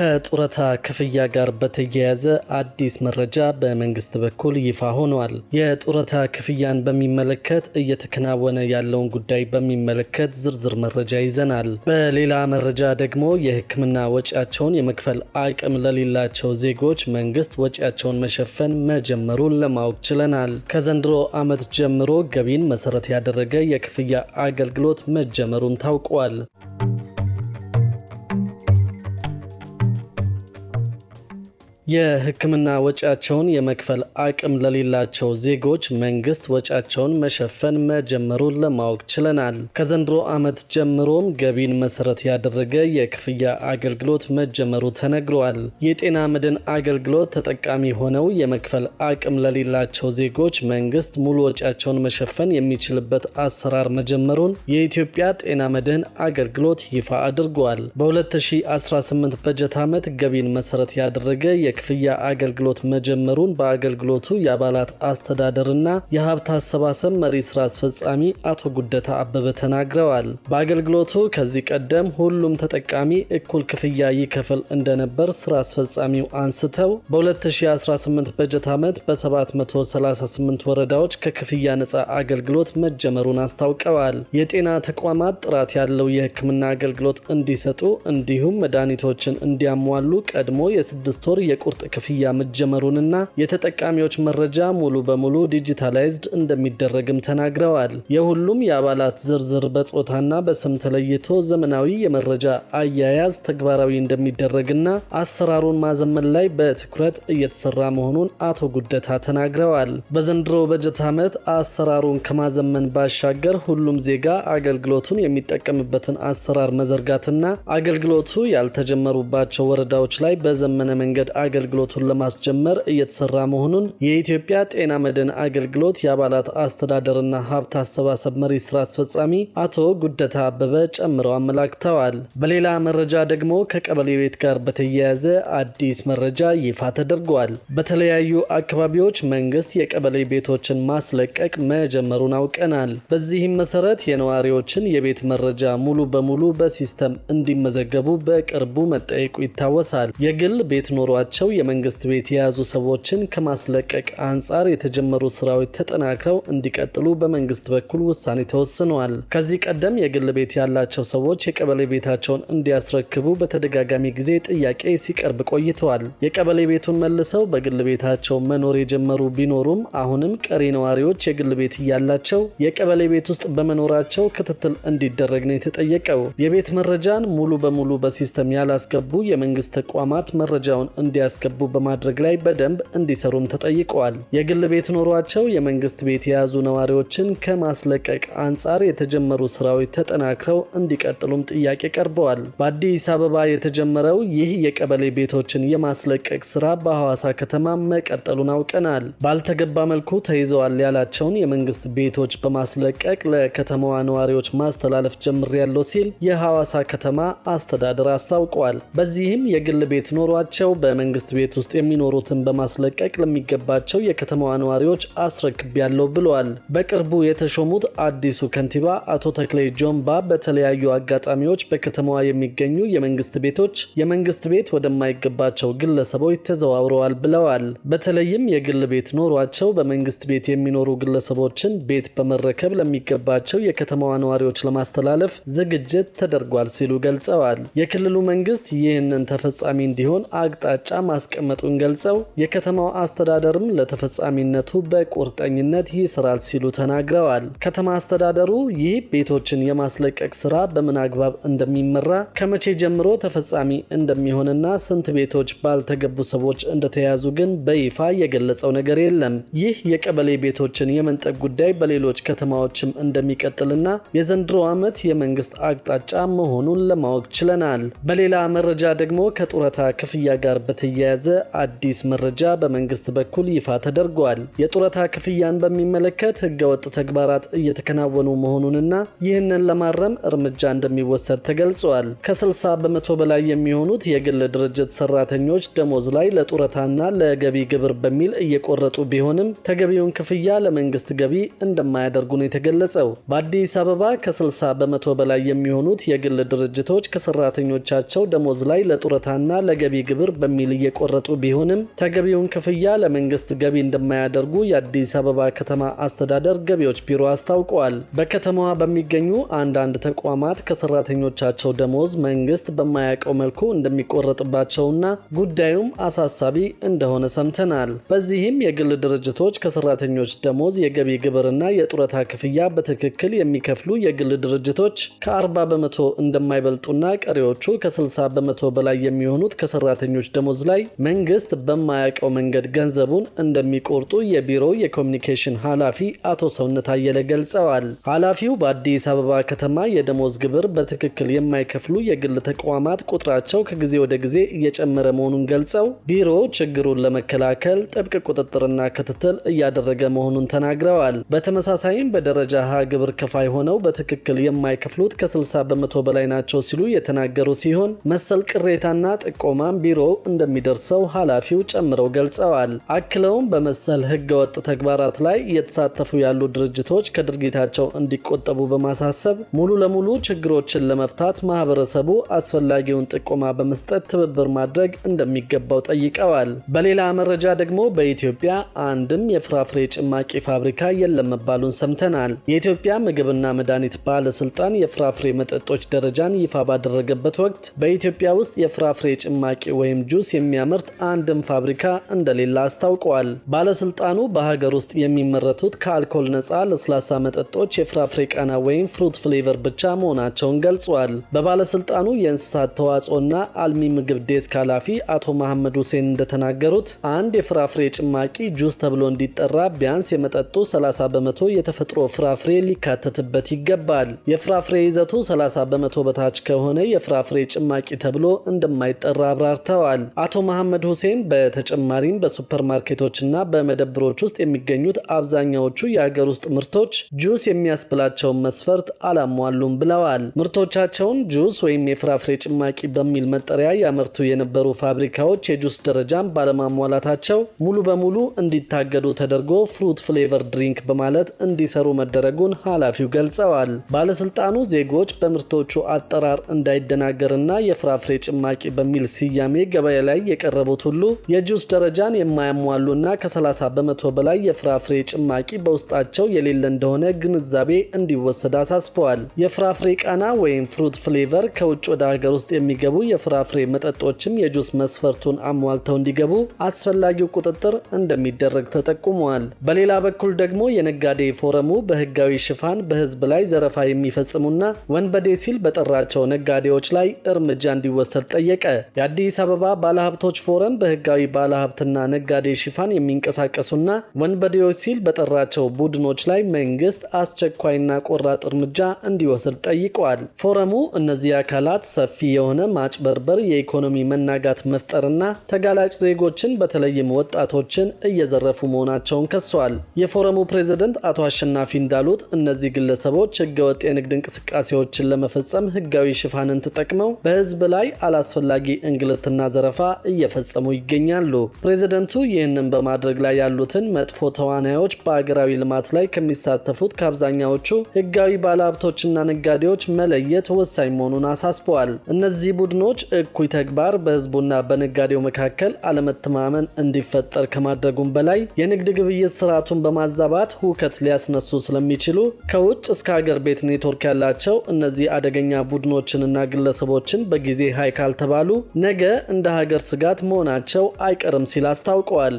ከጡረታ ክፍያ ጋር በተያያዘ አዲስ መረጃ በመንግስት በኩል ይፋ ሆኗል። የጡረታ ክፍያን በሚመለከት እየተከናወነ ያለውን ጉዳይ በሚመለከት ዝርዝር መረጃ ይዘናል። በሌላ መረጃ ደግሞ የሕክምና ወጪያቸውን የመክፈል አቅም ለሌላቸው ዜጎች መንግስት ወጪያቸውን መሸፈን መጀመሩን ለማወቅ ችለናል። ከዘንድሮ ዓመት ጀምሮ ገቢን መሰረት ያደረገ የክፍያ አገልግሎት መጀመሩን ታውቋል። የሕክምና ወጪያቸውን የመክፈል አቅም ለሌላቸው ዜጎች መንግስት ወጪያቸውን መሸፈን መጀመሩን ለማወቅ ችለናል። ከዘንድሮ ዓመት ጀምሮም ገቢን መሰረት ያደረገ የክፍያ አገልግሎት መጀመሩ ተነግሯል። የጤና መድን አገልግሎት ተጠቃሚ ሆነው የመክፈል አቅም ለሌላቸው ዜጎች መንግስት ሙሉ ወጪያቸውን መሸፈን የሚችልበት አሰራር መጀመሩን የኢትዮጵያ ጤና መድህን አገልግሎት ይፋ አድርጓል። በ2018 በጀት ዓመት ገቢን መሰረት ያደረገ የክፍያ አገልግሎት መጀመሩን በአገልግሎቱ የአባላት አስተዳደርና የሀብት አሰባሰብ መሪ ስራ አስፈጻሚ አቶ ጉደታ አበበ ተናግረዋል። በአገልግሎቱ ከዚህ ቀደም ሁሉም ተጠቃሚ እኩል ክፍያ ይከፍል እንደነበር ስራ አስፈጻሚው አንስተው በ2018 በጀት ዓመት በ738 ወረዳዎች ከክፍያ ነጻ አገልግሎት መጀመሩን አስታውቀዋል። የጤና ተቋማት ጥራት ያለው የሕክምና አገልግሎት እንዲሰጡ እንዲሁም መድኃኒቶችን እንዲያሟሉ ቀድሞ የስድስት ወር የቆ ቁርጥ ክፍያ መጀመሩንና የተጠቃሚዎች መረጃ ሙሉ በሙሉ ዲጂታላይዝድ እንደሚደረግም ተናግረዋል። የሁሉም የአባላት ዝርዝር በጾታና በስም ተለይቶ ዘመናዊ የመረጃ አያያዝ ተግባራዊ እንደሚደረግና አሰራሩን ማዘመን ላይ በትኩረት እየተሰራ መሆኑን አቶ ጉደታ ተናግረዋል። በዘንድሮ በጀት ዓመት አሰራሩን ከማዘመን ባሻገር ሁሉም ዜጋ አገልግሎቱን የሚጠቀምበትን አሰራር መዘርጋትና አገልግሎቱ ያልተጀመሩባቸው ወረዳዎች ላይ በዘመነ መንገድ አገ አገልግሎቱን ለማስጀመር እየተሰራ መሆኑን የኢትዮጵያ ጤና መድን አገልግሎት የአባላት አስተዳደርና ሀብት አሰባሰብ መሪ ስራ አስፈጻሚ አቶ ጉደታ አበበ ጨምረው አመላክተዋል። በሌላ መረጃ ደግሞ ከቀበሌ ቤት ጋር በተያያዘ አዲስ መረጃ ይፋ ተደርጓል። በተለያዩ አካባቢዎች መንግስት የቀበሌ ቤቶችን ማስለቀቅ መጀመሩን አውቀናል። በዚህም መሰረት የነዋሪዎችን የቤት መረጃ ሙሉ በሙሉ በሲስተም እንዲመዘገቡ በቅርቡ መጠየቁ ይታወሳል። የግል ቤት ኖሯቸው በመሆናቸው የመንግስት ቤት የያዙ ሰዎችን ከማስለቀቅ አንጻር የተጀመሩ ስራዎች ተጠናክረው እንዲቀጥሉ በመንግስት በኩል ውሳኔ ተወስነዋል። ከዚህ ቀደም የግል ቤት ያላቸው ሰዎች የቀበሌ ቤታቸውን እንዲያስረክቡ በተደጋጋሚ ጊዜ ጥያቄ ሲቀርብ ቆይተዋል። የቀበሌ ቤቱን መልሰው በግል ቤታቸው መኖር የጀመሩ ቢኖሩም አሁንም ቀሪ ነዋሪዎች የግል ቤት እያላቸው የቀበሌ ቤት ውስጥ በመኖራቸው ክትትል እንዲደረግ ነው የተጠየቀው። የቤት መረጃን ሙሉ በሙሉ በሲስተም ያላስገቡ የመንግስት ተቋማት መረጃውን እንዲያስ እንዲያስገቡ በማድረግ ላይ በደንብ እንዲሰሩም ተጠይቀዋል። የግል ቤት ኖሯቸው የመንግስት ቤት የያዙ ነዋሪዎችን ከማስለቀቅ አንጻር የተጀመሩ ስራዎች ተጠናክረው እንዲቀጥሉም ጥያቄ ቀርበዋል። በአዲስ አበባ የተጀመረው ይህ የቀበሌ ቤቶችን የማስለቀቅ ስራ በሐዋሳ ከተማ መቀጠሉን አውቀናል። ባልተገባ መልኩ ተይዘዋል ያላቸውን የመንግስት ቤቶች በማስለቀቅ ለከተማዋ ነዋሪዎች ማስተላለፍ ጀምር ያለው ሲል የሐዋሳ ከተማ አስተዳደር አስታውቋል። በዚህም የግል ቤት ኖሯቸው በመንግስት መንግስት ቤት ውስጥ የሚኖሩትን በማስለቀቅ ለሚገባቸው የከተማዋ ነዋሪዎች ያለው ብለዋል። በቅርቡ የተሾሙት አዲሱ ከንቲባ አቶ ተክሌ ጆምባ በተለያዩ አጋጣሚዎች በከተማዋ የሚገኙ የመንግስት ቤቶች የመንግስት ቤት ወደማይገባቸው ግለሰቦች ተዘዋውረዋል ብለዋል። በተለይም የግል ቤት ኖሯቸው በመንግስት ቤት የሚኖሩ ግለሰቦችን ቤት በመረከብ ለሚገባቸው የከተማዋ ነዋሪዎች ለማስተላለፍ ዝግጅት ተደርጓል ሲሉ ገልጸዋል። የክልሉ መንግስት ይህንን ተፈጻሚ እንዲሆን አቅጣጫ ማስቀመጡን ገልጸው የከተማው አስተዳደርም ለተፈጻሚነቱ በቁርጠኝነት ይስራል ሲሉ ተናግረዋል። ከተማ አስተዳደሩ ይህ ቤቶችን የማስለቀቅ ስራ በምን አግባብ እንደሚመራ ከመቼ ጀምሮ ተፈጻሚ እንደሚሆንና ስንት ቤቶች ባልተገቡ ሰዎች እንደተያዙ ግን በይፋ የገለጸው ነገር የለም። ይህ የቀበሌ ቤቶችን የመንጠቅ ጉዳይ በሌሎች ከተማዎችም እንደሚቀጥልና የዘንድሮ ዓመት የመንግስት አቅጣጫ መሆኑን ለማወቅ ችለናል። በሌላ መረጃ ደግሞ ከጡረታ ክፍያ ጋር በተያ የተያያዘ አዲስ መረጃ በመንግስት በኩል ይፋ ተደርጓል። የጡረታ ክፍያን በሚመለከት ህገወጥ ተግባራት እየተከናወኑ መሆኑንና ይህንን ለማረም እርምጃ እንደሚወሰድ ተገልጿል። ከ60 በመቶ በላይ የሚሆኑት የግል ድርጅት ሰራተኞች ደሞዝ ላይ ለጡረታና ለገቢ ግብር በሚል እየቆረጡ ቢሆንም ተገቢውን ክፍያ ለመንግስት ገቢ እንደማያደርጉ ነው የተገለጸው። በአዲስ አበባ ከ60 በመቶ በላይ የሚሆኑት የግል ድርጅቶች ከሰራተኞቻቸው ደሞዝ ላይ ለጡረታና ለገቢ ግብር በሚል እየቆረጡ ቢሆንም ተገቢውን ክፍያ ለመንግስት ገቢ እንደማያደርጉ የአዲስ አበባ ከተማ አስተዳደር ገቢዎች ቢሮ አስታውቀዋል። በከተማዋ በሚገኙ አንዳንድ ተቋማት ከሰራተኞቻቸው ደሞዝ መንግስት በማያውቀው መልኩ እንደሚቆረጥባቸውና ጉዳዩም አሳሳቢ እንደሆነ ሰምተናል። በዚህም የግል ድርጅቶች ከሰራተኞች ደሞዝ የገቢ ግብርና የጡረታ ክፍያ በትክክል የሚከፍሉ የግል ድርጅቶች ከ40 በመቶ እንደማይበልጡና ቀሪዎቹ ከ60 በመቶ በላይ የሚሆኑት ከሰራተኞች ደሞዝ ላይ ላይ መንግስት በማያውቀው መንገድ ገንዘቡን እንደሚቆርጡ የቢሮው የኮሚኒኬሽን ኃላፊ አቶ ሰውነት አየለ ገልጸዋል። ኃላፊው በአዲስ አበባ ከተማ የደሞዝ ግብር በትክክል የማይከፍሉ የግል ተቋማት ቁጥራቸው ከጊዜ ወደ ጊዜ እየጨመረ መሆኑን ገልጸው ቢሮ ችግሩን ለመከላከል ጥብቅ ቁጥጥርና ክትትል እያደረገ መሆኑን ተናግረዋል። በተመሳሳይም በደረጃ ሀ ግብር ከፋይ ሆነው በትክክል የማይከፍሉት ከ60 በመቶ በላይ ናቸው ሲሉ የተናገሩ ሲሆን መሰል ቅሬታና ጥቆማም ቢሮው እንደሚደ እንደሚደርሰው ኃላፊው ጨምረው ገልጸዋል። አክለውም በመሰል ህገወጥ ተግባራት ላይ እየተሳተፉ ያሉ ድርጅቶች ከድርጊታቸው እንዲቆጠቡ በማሳሰብ ሙሉ ለሙሉ ችግሮችን ለመፍታት ማህበረሰቡ አስፈላጊውን ጥቆማ በመስጠት ትብብር ማድረግ እንደሚገባው ጠይቀዋል። በሌላ መረጃ ደግሞ በኢትዮጵያ አንድም የፍራፍሬ ጭማቂ ፋብሪካ የለም መባሉን ሰምተናል። የኢትዮጵያ ምግብና መድኃኒት ባለስልጣን የፍራፍሬ መጠጦች ደረጃን ይፋ ባደረገበት ወቅት በኢትዮጵያ ውስጥ የፍራፍሬ ጭማቂ ወይም ጁስ የሚያ የሚያመርት አንድም ፋብሪካ እንደሌለ አስታውቀዋል። ባለስልጣኑ በሀገር ውስጥ የሚመረቱት ከአልኮል ነፃ ለስላሳ መጠጦች የፍራፍሬ ቃና ወይም ፍሩት ፍሌቨር ብቻ መሆናቸውን ገልጿል። በባለስልጣኑ የእንስሳት ተዋጽኦና አልሚ ምግብ ዴስክ ኃላፊ አቶ መሐመድ ሁሴን እንደተናገሩት አንድ የፍራፍሬ ጭማቂ ጁስ ተብሎ እንዲጠራ ቢያንስ የመጠጡ 30 በመቶ የተፈጥሮ ፍራፍሬ ሊካተትበት ይገባል። የፍራፍሬ ይዘቱ 30 በመቶ በታች ከሆነ የፍራፍሬ ጭማቂ ተብሎ እንደማይጠራ አብራርተዋል። አቶ መሐመድ ሁሴን በተጨማሪም በሱፐርማርኬቶችና በመደብሮች ውስጥ የሚገኙት አብዛኛዎቹ የሀገር ውስጥ ምርቶች ጁስ የሚያስብላቸውን መስፈርት አላሟሉም ብለዋል። ምርቶቻቸውን ጁስ ወይም የፍራፍሬ ጭማቂ በሚል መጠሪያ ያመርቱ የነበሩ ፋብሪካዎች የጁስ ደረጃን ባለማሟላታቸው ሙሉ በሙሉ እንዲታገዱ ተደርጎ ፍሩት ፍሌቨር ድሪንክ በማለት እንዲሰሩ መደረጉን ኃላፊው ገልጸዋል። ባለስልጣኑ ዜጎች በምርቶቹ አጠራር እንዳይደናገርና የፍራፍሬ ጭማቂ በሚል ስያሜ ገበያ ላይ የቀረቡት ሁሉ የጁስ ደረጃን የማያሟሉና ከ30 በመቶ በላይ የፍራፍሬ ጭማቂ በውስጣቸው የሌለ እንደሆነ ግንዛቤ እንዲወሰድ አሳስበዋል። የፍራፍሬ ቃና ወይም ፍሩት ፍሌቨር ከውጭ ወደ ሀገር ውስጥ የሚገቡ የፍራፍሬ መጠጦችም የጁስ መስፈርቱን አሟልተው እንዲገቡ አስፈላጊው ቁጥጥር እንደሚደረግ ተጠቁመዋል። በሌላ በኩል ደግሞ የነጋዴ ፎረሙ በህጋዊ ሽፋን በህዝብ ላይ ዘረፋ የሚፈጽሙና ወንበዴ ሲል በጠራቸው ነጋዴዎች ላይ እርምጃ እንዲወሰድ ጠየቀ። የአዲስ አበባ ባለሀብቶ ባለሀብቶች ፎረም በህጋዊ ባለሀብትና ነጋዴ ሽፋን የሚንቀሳቀሱና ወንበዴዎች ሲል በጠራቸው ቡድኖች ላይ መንግስት አስቸኳይና ቆራጥ እርምጃ እንዲወስድ ጠይቀዋል። ፎረሙ እነዚህ አካላት ሰፊ የሆነ ማጭበርበር፣ የኢኮኖሚ መናጋት መፍጠርና ተጋላጭ ዜጎችን በተለይም ወጣቶችን እየዘረፉ መሆናቸውን ከሷል። የፎረሙ ፕሬዝደንት አቶ አሸናፊ እንዳሉት እነዚህ ግለሰቦች ህገወጥ የንግድ እንቅስቃሴዎችን ለመፈጸም ህጋዊ ሽፋንን ተጠቅመው በህዝብ ላይ አላስፈላጊ እንግልትና ዘረፋ እየፈጸሙ ይገኛሉ። ፕሬዚደንቱ ይህንን በማድረግ ላይ ያሉትን መጥፎ ተዋናዮች በአገራዊ ልማት ላይ ከሚሳተፉት ከአብዛኛዎቹ ህጋዊ ባለሀብቶችና ነጋዴዎች መለየት ወሳኝ መሆኑን አሳስበዋል። እነዚህ ቡድኖች እኩይ ተግባር በህዝቡና በነጋዴው መካከል አለመተማመን እንዲፈጠር ከማድረጉም በላይ የንግድ ግብይት ስርዓቱን በማዛባት ሁከት ሊያስነሱ ስለሚችሉ ከውጭ እስከ ሀገር ቤት ኔትወርክ ያላቸው እነዚህ አደገኛ ቡድኖችንና ግለሰቦችን በጊዜ ሀይ ካልተባሉ ነገ እንደ ሀገር ስጋት መሆናቸው አይቀርም ሲል አስታውቀዋል።